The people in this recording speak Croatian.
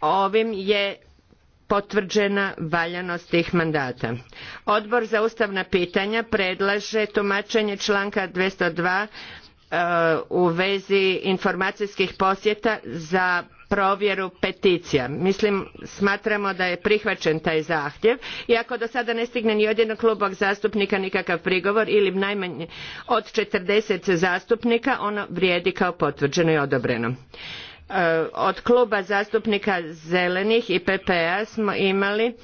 Ovim je potvrđena valjanost tih mandata. Odbor za ustavna pitanja predlaže tumačenje članka 202 uh, u vezi informacijskih posjeta za provjeru peticija. Mislim, smatramo da je prihvaćen taj zahtjev Iako do sada ne stigne ni od jednog kluba zastupnika nikakav prigovor ili najmanje od 40 zastupnika, ono vrijedi kao potvrđeno i odobreno. E, od kluba zastupnika zelenih i ppe smo imali